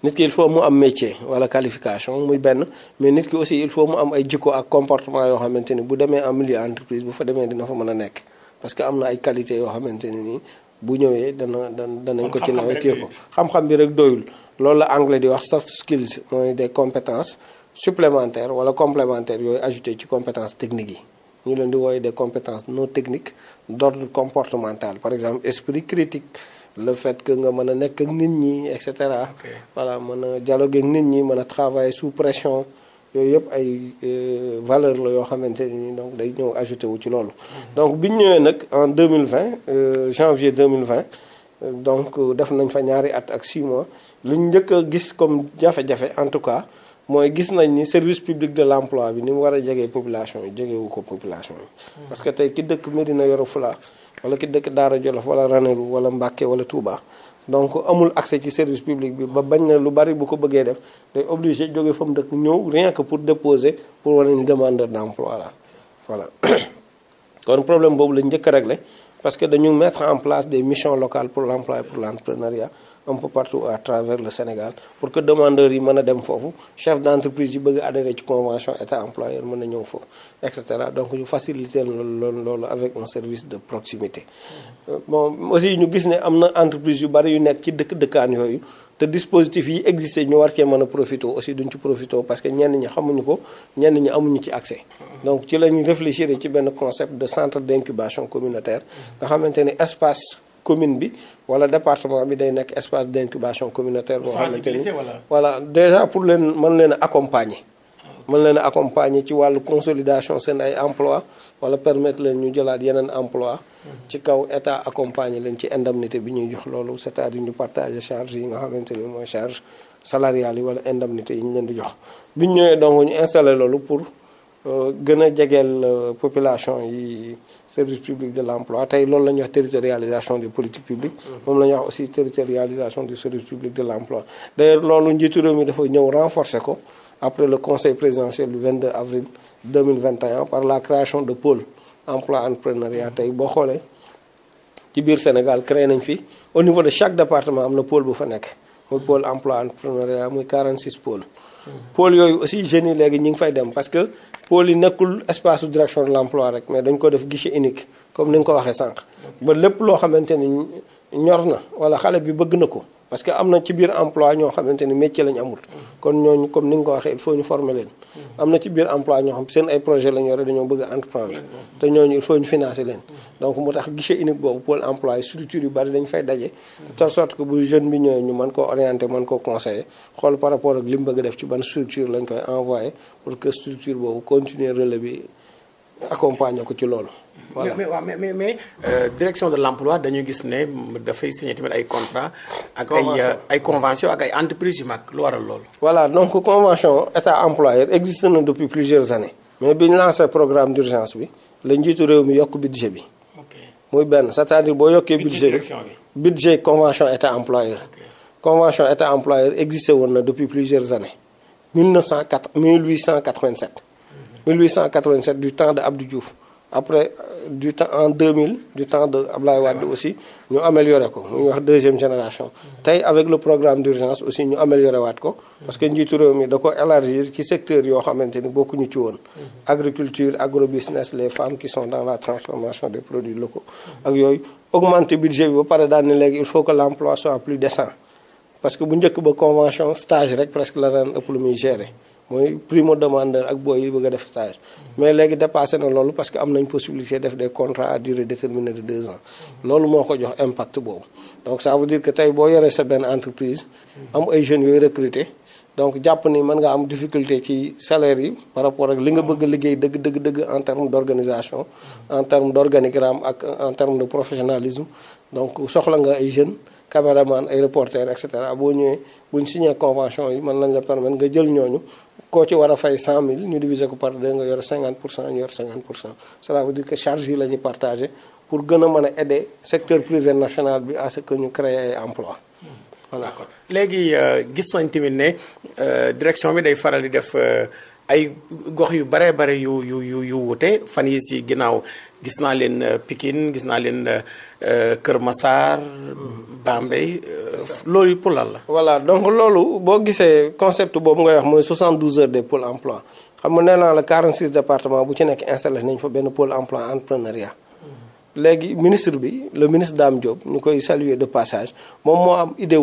Speaker 2: nit ki il faut mu am métier wala qualification muy benn mais nit ki aussi il faut mu am ay jikko ak comportement yoo xamante ni bu demee en milieu entreprise bu fa demee dina fa mën a nekk parce que am na ay qualité yoo xamante ne nii bu ñëwee dana danañ ko ci nawee téye ko xam-xam bi rek doyul loolu la anglais di wax soft skills mooy des compétence supplémentaires wala complémentaires yooyu ajouté ci compétences technique yi ñu leen di wooye des compétence non techniques d'ordre comportemental par exemple esprit critique le fait que nga mën a nekk ak nit ñi et cetera. voilà mën a dialoguer nit ñi mën a travailler sous pression yooyu yëpp ay euh, valeur la yoo xamante ni donc day ñëw ajouté wu ci loolu. Mhm. donc bi ñu ñëwee nag en 2020 euh, janvier 2020 euh, donc def nañ fa ñaari at ak 6 mois njëkk a gis comme jafe-jafe en tout cas. mooy gis nañ ni service public de l'emploi bi ni mu war a jegee population yi jegewu ko population yi parce que tey ki dëkk Médina Yoro Fula wala ki dëkk Daara Jolof wala Ranérou wala Mbàkke wala Touba donc amul accès ci service public bi ba bañ na lu bari bu ko bëggee def day obligé jóge fa mu dëkk ñëw rien que pour déposer pour wala ni demandeur d'emploi la voilà kon problème boobu lañ njëkk a réglé parce que dañu mettre en place des missions locale pour l'emploi et pour un peu partout à travers pour que demandeurs yi mën a dem foofu chef d' entreprise yi bëgg a adhéré ci convention état employeur mën a ñëw foofu et cetera donc ñu faciliter loolu avec un service de proximité. Euh, bon aussi ñu gis ne am na entreprise yu bari yu nekk ci dëkk dëkkaan yooyu. te dispositif yi existé ñu war cee mën a profité aussi duñ ci profité parce que ñenn ñi xamuñu ko ñenn ñi amuñu ci accès donc ci la ñu réfléchir ci benn concept de centre d' incubation communautaire commune bi wala département bi day nekk espace d'incubation communautaire boo xamante ni voilà déjà pour leen mën leen a accompagner mën leen a accompagner ci wàllu consolidation seen ay emploi wala permettre leen ñu jëlaat yeneen emploi mhm. ci kaw état accompagner leen ci indemnité bi ñuy jox loolu c'est-à-dire ñu partager charge yi nga xamante ni mooy charge salariale yi wala indemnité yi ñu di jox bi ñu ñëwee donc ñu installé loolu pour euh, gën a euh, service public de l' emploi tey loolu la ñuy wax territorialisation des politiques publiques mmh. moom la wax aussi territorialisation du service public de l' emploi loolu njiitu réew mi dafa ñëw renforcer ko après le conseil présidentiel du 22 avril 2021 par la création de pôle emploi entrepreneuriat tey boo xoolee ci biir Sénégal créé nañ fi au niveau de chaque département am na pôle bu fa nekk muy pôle emploi entrepreneuriat muy 46 pôles mmh. pôle yooyu aussi pôle yi nekkul espace su direction de l'emploi rek mais dañ ko def guichet unique comme ni nga ko waxee sànq. ba lépp loo xamante ni ñor na wala xale bi bëgg na ko. parce que am na ci biir emploi ñoo xamante ni métier lañ amul. kon ñooñu comme ni nga ko waxee il faut ñu former leen. am na ci biir emploi ñoo xam seen ay projet lañ yore dañoo bëgg a entreprendre. te ñooñu il faut ñu financer leen. donc moo tax guichet unique boobu pôle emploi structure yu bari dañ fay daje. koo orienter mën koo conseiller xool par rapport ak li mu bëgg def ci ban structure pour que structure boobu continuer relais bi accompagner ko ci loolu.
Speaker 1: voilà mais mais mais, mais euh, direction de l'emploi dañu gis ne dafay signé ay contrat ak ay euh, ay convention ak ay entreprises yu mag lu waral loolu.
Speaker 2: voilà donc convention état employeur existe na depuis plusieurs années. mais bi ñu lancé programme d'urgence bi la jiitu réew mi yokk budget bi. ok muy benn c'est-à-dire boo yokkee. budget bi budget convention état employeur. Okay. convention état employeur existé woon n depuis plusieurs années. 1904 1887 1887 du temps de Abdou Diouf après euh, du temps en 2000 du temps de Ablaye Wade aussi ñu amélioré ko mu ñuy wax deuxième génération tey avec le programme d'urgence aussi ñu amélioré waat ko parce que njiitu réew mi da ko élargir ci secteur yoo xamante ni bokkuñu ci woon agriculture agrobusiness les femmes qui sont dans la transformation des produits locaux ak yooyu augmenter budget bi ba pare daal ne léegi il faut que l'emploi soit plus parce que bu njëkk ba convention stage rek presque la daan ëpp lu muy gérer mooy primo demandeur ak boo yi bëgg a def stage mais léegi dépassé na loolu parce que am nañ possibilité def des contrats à durée déterminée de deux ans loolu moo ko jox impact boobu donc ça veut dire que tey boo yoree sa benn entreprise am ay jeunes yooyu recruter donc jàpp ni man nga am difficulté ci salaire yi par rapport ak li nga bëgg liggéey dëgg dëgg dëgg en terme d'organisation en terme d'organigramme ak en terme de professionnalisme donc soxla nga ay jeunes caméraman ay reporter et cetera boo ñëwee buñ signé convention yi mën nañ la permettre nga jël ñooñu koo ci war a fay 100000 ñu diviser ko par deux nga yor 50 pour cent ñu yor 50 pour cent cela veut dire que charge yi la ñuy pour gën a mën a aider secteur privé national bi à ce ñu créer emploi
Speaker 1: léegi euh, gis nañ tamit ne euh, direction bi day faral di def. Euh, ay gox yu bare bare yu yu yu yu wute fan yi si ginnaaw gis naa leen euh, Pikine gis naa leen euh, euh, Kër Massar. Bambey
Speaker 2: loolu pour lan la. voilà donc loolu boo gisee concept boobu ngay wax mooy 72 heures de pôle emploi xam nga nee naa la 46 département bu ci nekk installé nañ fa benn pôle emploi entrepreneuriat. Hmm. léegi ministre bi le ministre Dame Diop ñu koy saluer de passage moom moo am idée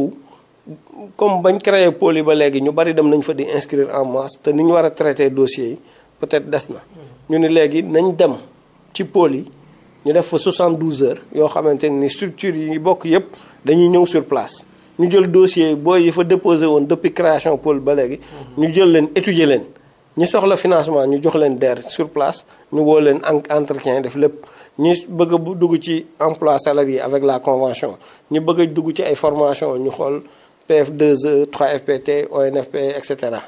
Speaker 2: comme bañ créé pole yi ba léegi ñu bari dem nañ fa di inscrire en masse te ni ñu war a traité dossiers yi peut-être des na. ñu ni léegi nañ dem ci pôle yi ñu def fa 72 heures yoo xamante ni structure yi bokk yépp dañuy ñëw sur place ñu jël dossier booy yi fa déposé woon depuis création pole ba léegi. ñu jël leen étudier leen. ñi soxla financement ñu jox leen DER sur place ñu woo leen entretien def lépp ñi bëgg a dugg ci emploi salarié avec la convention ñu bëgg dugg ci ay formation ñu xool. PF2E 3FPT ONFP et cetera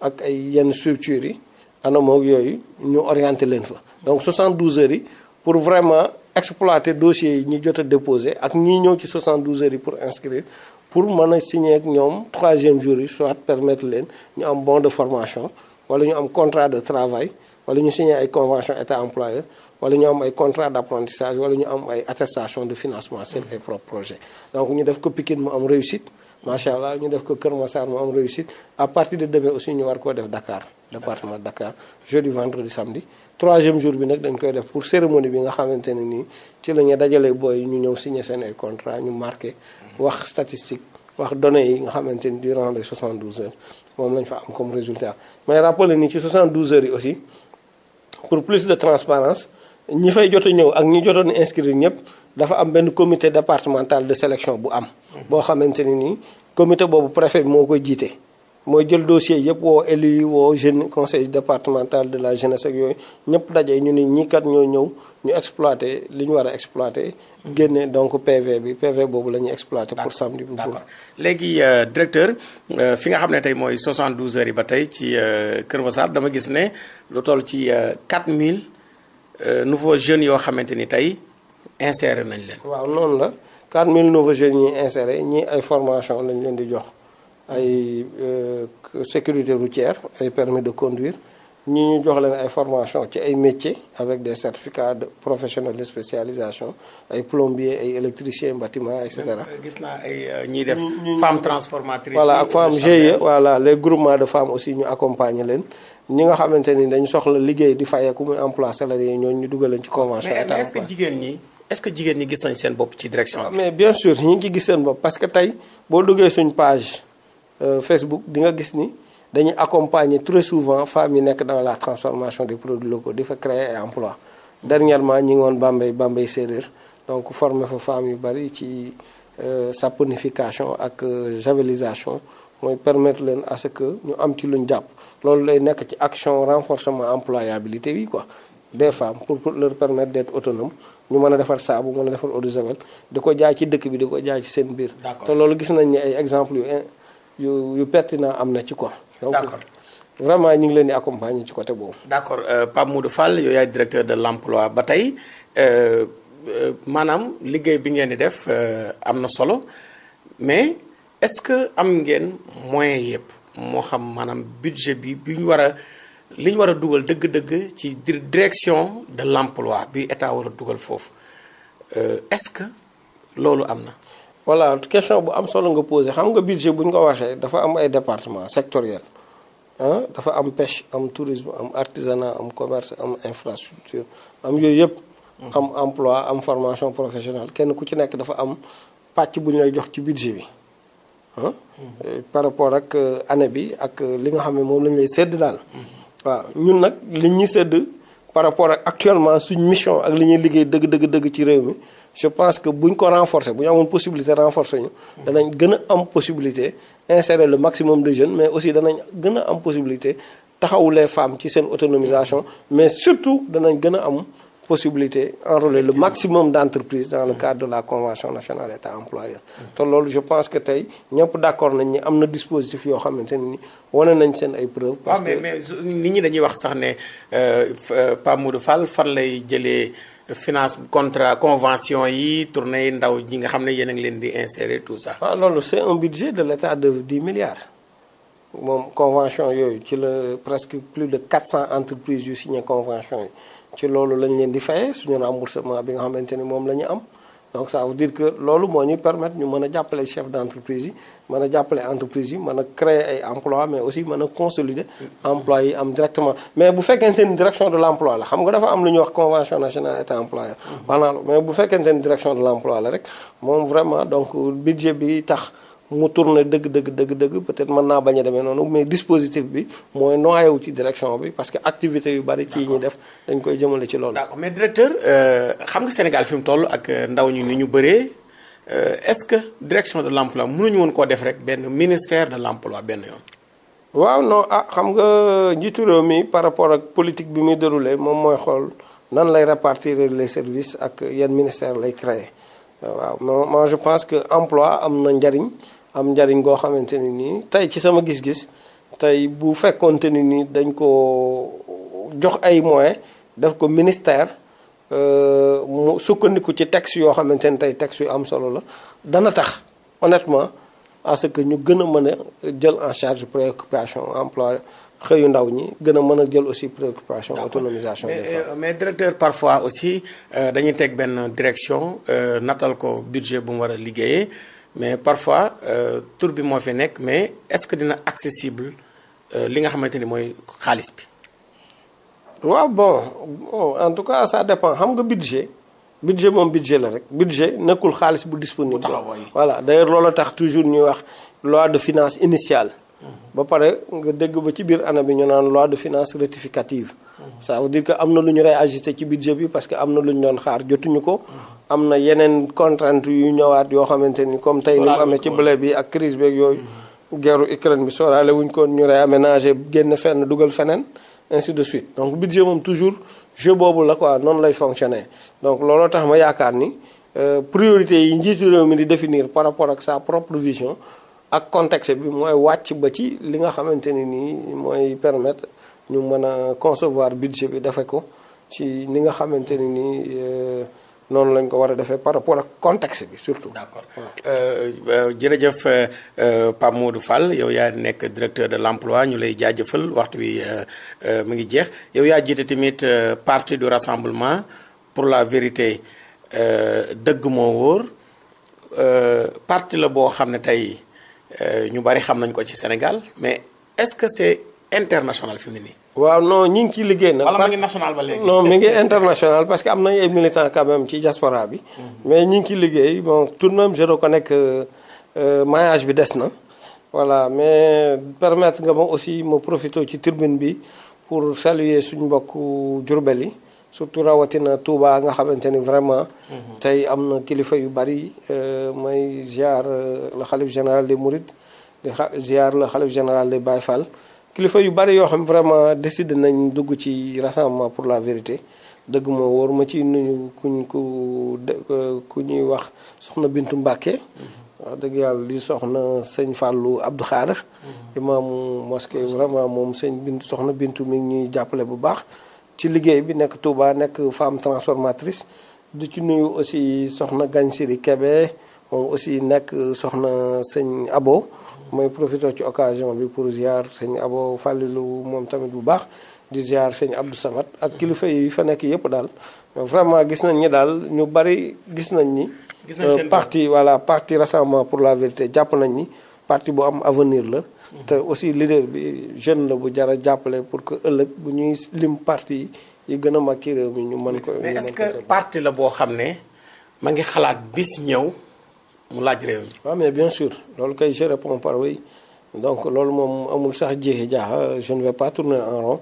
Speaker 2: ak ay yenn structures yi anamoog yooyu ñu orienté leen fa. donc 72 heures yi pour vraiment exploiter dossiers yi ñu jot a déposé ak ñi ñëw ci 72 heures yi pour inscrire pour mën a signer ñoom troisième jour yi soit permettre leen ñu am bon de formation wala ñu am contrat de travail wala ñu signer ay convention état employeur wala ñu am ay contrat d' apprentissage wala ñu am ay attestation de financement seen ay propres projets ñu def ko am réussite. macha allah ñu def ko Kër Massar mu am réussite à partir de demain aussi ñu war koo def Dakar département Dakar jeudi vendredi samedi troisième jour bi nag dañ koy def pour cérémonie bi nga xamante ne nii ci la ñu dajalee booy ñu ñëw signé seen ay contrat ñu marqué wax statistique wax données yi nga xamante ni durant les 72 heures moom lañ fa am comme résultat mais rappelé ni ci 72 heures yi aussi pour plus de transparence ñi fay jot a ak ñi jotoon inscrire ñëpp dafa am benn comité départemental de sélection bu am. boo xamante ne nii comité boobu préfet bi moo koy jiite. mooy jël dossier yëpp woo élus yi woo jeune conseil départemental de la jeunesse ak yooyu ñëpp daje ñu ni ñii kat ñoo ñëw ñu exploité li ñu war a exploité. génne donc PV bi PV boobu la ñuy exploité. pour samedi bu boobu.
Speaker 1: léegi euh, directeur euh, fi nga xam ne tey mooy 72 heures yi ba tey ci euh, Kër Massar dama gis ne lu toll ci 4000 nouveaux jeunes yoo xamante ni tey. insérer nañ leen.
Speaker 2: waaw noonu la 4000 nouveaux jeunes ñuy inséré ñii ay formation lañ leen di jox ay euh, sécurité routière ay permis de conduire. ñi ñu jox leen ay formation ci ay métiers avec de certificats de professionnels de spécialisation ay plombiers ay électriciens bâtiment et cetera. Euh, gis naa ay euh, ñiy def.
Speaker 1: femmes transformatrices. ak femmes GIE
Speaker 2: voilà les groupements de femmes aussi ñu accompagner leen. ñi nga xamante ni dañu soxla liggéey di ku muy emploi salarié ñooñu ñu dugal leen ci convention. état mais ñi. est-ce que jigéen ñi gis nañ seen bopp ci direction bi. Ah, mais bien sûr ñu ngi ci gis seen bopp parce que tey boo duggee suñ page euh, Facebook di nga gis ni. dañuy accompagner très souvent femmes yi nekk dans la transformation des produits locaux di fa créer emploi dernièrement ñi ngi woon Bambey Bambey séeréer donc former fa femmes yu bëri ci euh, saponification ak euh, javelisation mooy permettre leen à que ñu am ci luñ jàpp loolu lay nekk ci action renforcement employabilité bi quoi des femmes pour pour leur permettre d'être autonome ñu mën a defar saabu mën a defar eau javel di ko jaay ci dëkk bi di ko jaay ci seen biir te loolu gis nañ ne ay exemple yu yu yu pertinent am na ci quoi donc vraiment ñu ngi leen di accompagner ci côté boobu.
Speaker 1: d' accord euh, Pape Modou Fall yow yaay directeur de l' ba tey euh, euh, maanaam liggéey bi ngeen di def am na solo mais est ce que am ngeen moyen yëpp moo xam maanaam budget bi bi ñu war a li ñu war a dugal dëgg-dëgg ci direction de l' bi état war a dugal
Speaker 2: foofu est ce que loolu am na. voilà question bu am solo nga posé xam nga budget bu ñu ko waxee dafa am ay département sectoriel ah dafa am pêche am tourisme am artisanat am commerce am infrastructure am yooyu yëpp. am emploi am formation professionnelle kenn ku ci nekk dafa am pàcc bu ñu lay jox ci budget bi mm-hmm. par rapport ak euh, année bi ak euh, li nga xam ne moom lañ lay sédd daal. Mm-hmm. waaw ñun nag li ñuy sédd par rapport ak actuellement suñ mission ak li ñuy liggéey dëgg dëgg dëgg ci réew mi. je pense que bu ñu ko renforcer bu ñu amoon possibilité renforcer ñu. danañ gën a am possibilité insérer le maximum de jeunes mais aussi danañ gën a possibilité taxawu les femmes ci seen autonomisation mais surtout danañ gën a am possibilité enrôler le maximum d' entreprise dans le cadre de la convention nationale état employeur. te loolu je pense que tey ñëpp d' accord nañ ni am na dispositif yoo xamante ne ni wane nañ seen ay preuves. parce ah, que mais
Speaker 1: mais nit ñi dañuy wax sax ne euh, euh, Pape Modou Fall fan lay jëlee. finance contrat convention yi tournée yi ndaw ñi nga xam ne yéen a ngi leen di insérer tout ça.
Speaker 2: waaw loolu c'est un budget de l'état de 10 milliards moom convention yooyu ci la presque plus de 400 entreprises yu signé convention yi ci loolu lañ leen di fayee suñu remboursement bi nga xamante ni moom la ñu am. donc ça veut dire que loolu moo ñu permettre ñu mën a jàppale chef d' yi mën a jàppale entreprise yi mën a créer ay emploi mais aussi mën a consolider emploi yi am directement mais bu fekkee seen direction de l' emploi la xam nga dafa am lu ñu wax convention nationale état employeur maanaam mm-hmm. mais bu fekkee seen direction de l' la rek moom vraiment donc budget bi tax mu tourné dëgg dëgg dëgg dëgg peut-être mën naa bañ a demee noonu mais dispositif bi mooy noyewu ci direction bi parce que activité yu bari ci yi def dañ koy jëmale ci loolu. d'accord mais directeur euh,
Speaker 1: xam nga Sénégal fi toll ak euh, ndaw ñi ni ñu bëree euh, est-ce que direction de l'emploi mënuñu woon koo def rek benn ministère de l'emploi benn yoon.
Speaker 2: waaw no ah xam nga njiitu réew mii par rapport ak politique bi muy déroulé moom mooy xool nan lay répartir les services ak yan ministère lay créer waaw moi je pense que emploi am na njariñ. am njariñ goo xamante ne nii tey ci sama gis-gis tey bu fekkonte ni nii dañ ko jox ay moyens def ko ministère euh, mu sukkandiku ci texte yoo xamante ne tey texte yu am solo la dana tax honnêtement à que ñu gën a mën a jël en charge préoccupation emploi xëyu ndaw ñi gën a mën a jël aussi préoccupation autonomisation des femmes
Speaker 1: euh, mais directeur parfois aussi euh, dañuy teg benn direction natal ko budget bu mu war a liggéeyee mais parfois euh, tour bi moo fi nekk mais est-ce que dina accessible euh, li nga xamante ni mooy xaalis bi.
Speaker 2: waaw bon en tout cas ça dépend xam nga budget budget moom budget la rek budget nekkul xaalis bu disponible. voilà d'ailleurs loolu tax toujours ñuy wax loi de finance initiale. ba pare nga dégg ba ci biir année bi ñu naan loi de finances rectificative ça veut dire que am na lu ñu rey réajusté ci budget bi parce que am na lu ñu doon xaar jotuñu ko am na yeneen contrainte yu ñëwaat yoo xamante ni comme tey ni mu amee ci blé bi ak crise beeg yooyu guerru Ukraine bi sooraale wuñ ko ñu réaménagé génn fenn dugal feneen ainsi de suite donc budget moom toujours jeu boobu la quoi noonu lay fonctionner donc looloo tax ma yaakaar ni euh, priorité yi njiitu réew mi di définir rapport ak sa propre ak contexte bi mooy wàcc ba ci li nga xamante ne nii mooy permettre ñu mën a concevoir budget bi defe ko ci ni nga xamante ne nii euh, noonu lañ ko war a defee par rapport ak contexte bi surtout. d'accord
Speaker 1: euh, euh, jërëjëf Pape Modou fal yow yaa nekk directeur de l'emploi ñu lay jaajëfal waxtu wi mu ngi jeex yow yaa jiite tamit parti du rassemblement pour la vérité dëgg moo wóor parti la boo xam ne tey. Euh, ñu bari xam nañ ko ci Sénégal mais est-ce que c'est international fi mu nii.
Speaker 2: waaw non ñi ngi ciy liggéey na wala mi
Speaker 1: ngi national ba léegi. mi
Speaker 2: ngi international parce que am nañ ay militants quand même ci diaspora bi. Mm-hmm. mais ñi ngi ciy liggéey bon tout de même je reconnais que euh, bi des na. voilà mais permettre nga ma aussi ma profité ci tribune bi pour saluer suñu mbokku Jurbel yi. surtout rawatina Touba nga xamante ni vraiment. tey am na kilifa yu bari euh, may ziar euh, le xalif général des Mourides di ziar le xalif général des Baye Fall kilifa yu bari yoo xam vraiment décidé nañ dugg ci rassemblement pour la vérité dëgg moo wóor ma ci nuyu kuñ ku euh, ku ñuy wax soxna Bintu Mbàkke yàlla di soxna sëñ Fallou Abdou Khadre mm-hmm. imaamu mosquée vraiment moom sëñ Bintu soxna Bintu mi ngi ñuy jàppale bu baax. ci liggéey bi nekk Touba nekk femme transformatrice di ci nuyu aussi soxna Gagne Siri kebe moom aussi nekk soxna sëñ Abo mooy profité ci occasion bi pour ziar sëñ Abo fàllilu moom tamit bu baax di ziar sëñ Abdou Samad ak kilifa yi fa nekk yëpp daal vraiment gis nañ ni daal ñu bari gis nañ ni euh, parti voilà parti rassemblement pour la vérité jàpp nañ ni parti bu am avenir la te aussi leader bi jeune la bu jar a jàppale pour que ëllëg bu ñuy lim parti yi gën a mag ci réew mi ñu mën ko. mais est-ce parti la boo
Speaker 1: xam ne ma ngi xalaat bis ñëw mu laaj réew
Speaker 2: mi. mais bien sûr loolu kay je réponds par oui donc loolu moom amul sax jeexi jaaxa je ne vais pas tourner en rond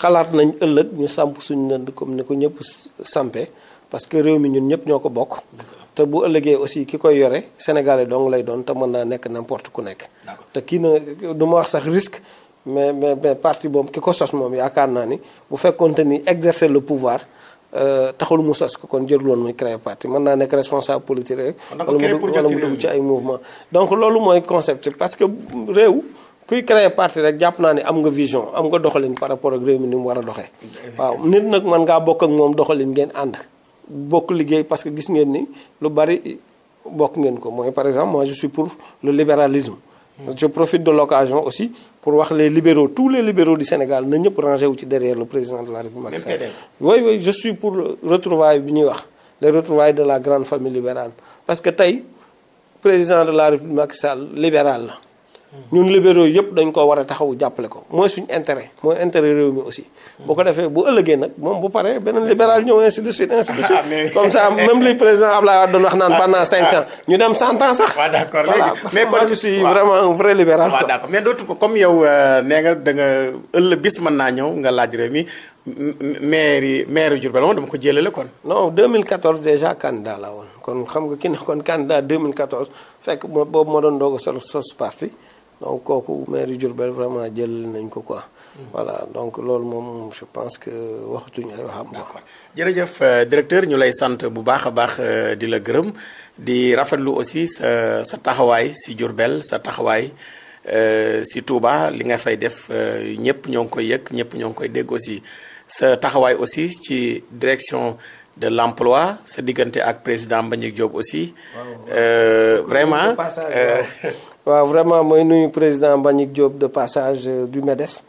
Speaker 2: xalaat nañ ëllëg ñu samp suñ nënd comme ni ko ñëpp sampe parce que réew mi ñun ñëpp ñoo ko bokk. te bu ëllëgee aussi ki koy yore sénégalais dong lay doon te mën naa nekk n'importe ku nekk. te kii na du ma wax sax risque mais mais mais parti boobu ki ko sos moom yaakaar naa ni bu fekkonte ni exercer le pouvoir. Euh, taxul mu sos ko kon jëruloon muy créer parti mën naa nekk responsable politique rek wala mu dugg ci ay mouvement donc loolu mooy concept parce que réew kuy créer parti rek jàpp naa ne am nga vision am nga doxalin par rapport ak réew mi ni mu war a doxee waaw nit nag mën ngaa bokk ak moom doxalin ngeen ànd bokk liggéey parce que gis ngeen ni lu bari bokk ngeen ko mooy par exemple moi je suis pour le libéralisme. je profite de l'occasion aussi pour wax les libéraux tous les libéraux du Sénégal na ñëpp rangé wu ci derrière le président de la République Macky Sall. oui oui je suis pour retrouvaille bi ñuy wax les retrouvailles de la grande famille libérale parce que tey président de la République Macky Sall la. ñun libéraux yëpp dañ ko war a taxawu jàppale ko mooy suñu intérêt mooy intérêt réew mi aussi boo ko defee bu ëllëgee nag moom bu paree beneen libéral ñëw ainsi de suite ainsi de suite ah, comme ça même li président Abdoulaye Wade doon wax naan pendant cinq ans ñu dem cent ans sax waaw d'accord voilà parce que moi je
Speaker 1: suis vraiment un vrai libéral waaw d'accord mais dootu ko comme yow euh, nee nga da ëllë bis mën naa
Speaker 2: ñëw nga laaj réew mi maire yi maire Diourbel moom dama ko jëlale kon. non 2014 déjà candidat laa woon kon xam nga ki ne kon candidat 2014 fekk ma boobu ma doon doog a sos sos parti donc kooku maire Diourbel vraiment jël nañ ko quoi. Hmm. voilà donc loolu moom je pense que waxatuñ ay
Speaker 1: jërëjëf euh, directeur ñu lay sant bu baax a baax euh, di la gërëm di rafetlu aussi sa sa taxawaay si Diourbel sa taxawaay. Euh, si Touba li nga fay def ñëpp ñoo ngi koy yëg ñëpp ñoo ngi koy dégg aussi sa taxawaay aussi ci direction de l'emploi sa diggante ak président Mbagnick Diop aussi. Euh, vraiment euh,
Speaker 2: waaw vraiment mooy nuyu président Mbagnick Diop de passage euh, du MEDES.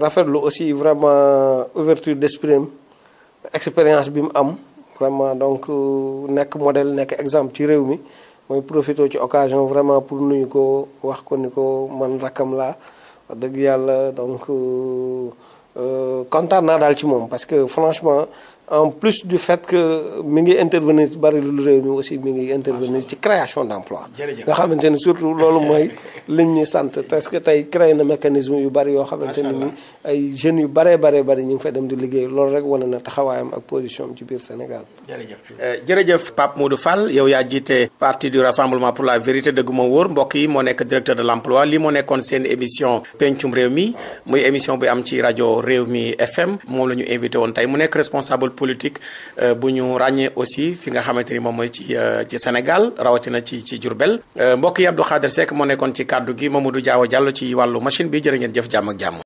Speaker 2: rafetlu aussi vraiment ouverture d'esprit expérience bi mu am vraiment donc nekk modèle nekk exemple ci réew mi. mooy profité ci occasion vraiment pour nuyu ko wax ko ni ko man rakkam laa wax dëgg yàlla donc. Euh, kontaan naa daal ci moom parce que franchement en plus du fait que mi ngi intervenir bari lu réew mi aussi mu ngi intervenir ci création d' emploi nga xamante ni surtout loolu mooy lim ñuy sant parce que tey créer na mécanisme yu bari yoo xamante ne ni ay jeunes yu baree baree bari ñu ngi fa dem di liggéey loolu rek wane na taxawaayam ak position ci biir Sénégal
Speaker 1: jërëjëf euh, jërëjëf Pape Modou Fall yow yaa jiite parti du rassemblement pour la vérité dëgg ma wóor yi moo nekk directeur de l' emploi li moo nekkoon seen émission pencum mi muy émission bi am ci rajo réew mi FM moom la ñu invité woon tey mu nekk responsable politique euh, bu ñu ràññee aussi fi nga xamante ni moom mooy ci euh, ci Sénégal rawatina ci ci Diourbel euh, mbokk yi Abdou Khader Seck moo nekkoon ci kàddu gi Mamadou Diaw jàll ci wàllu machine bi jërë ngeen jëf jàmm ak jàmm.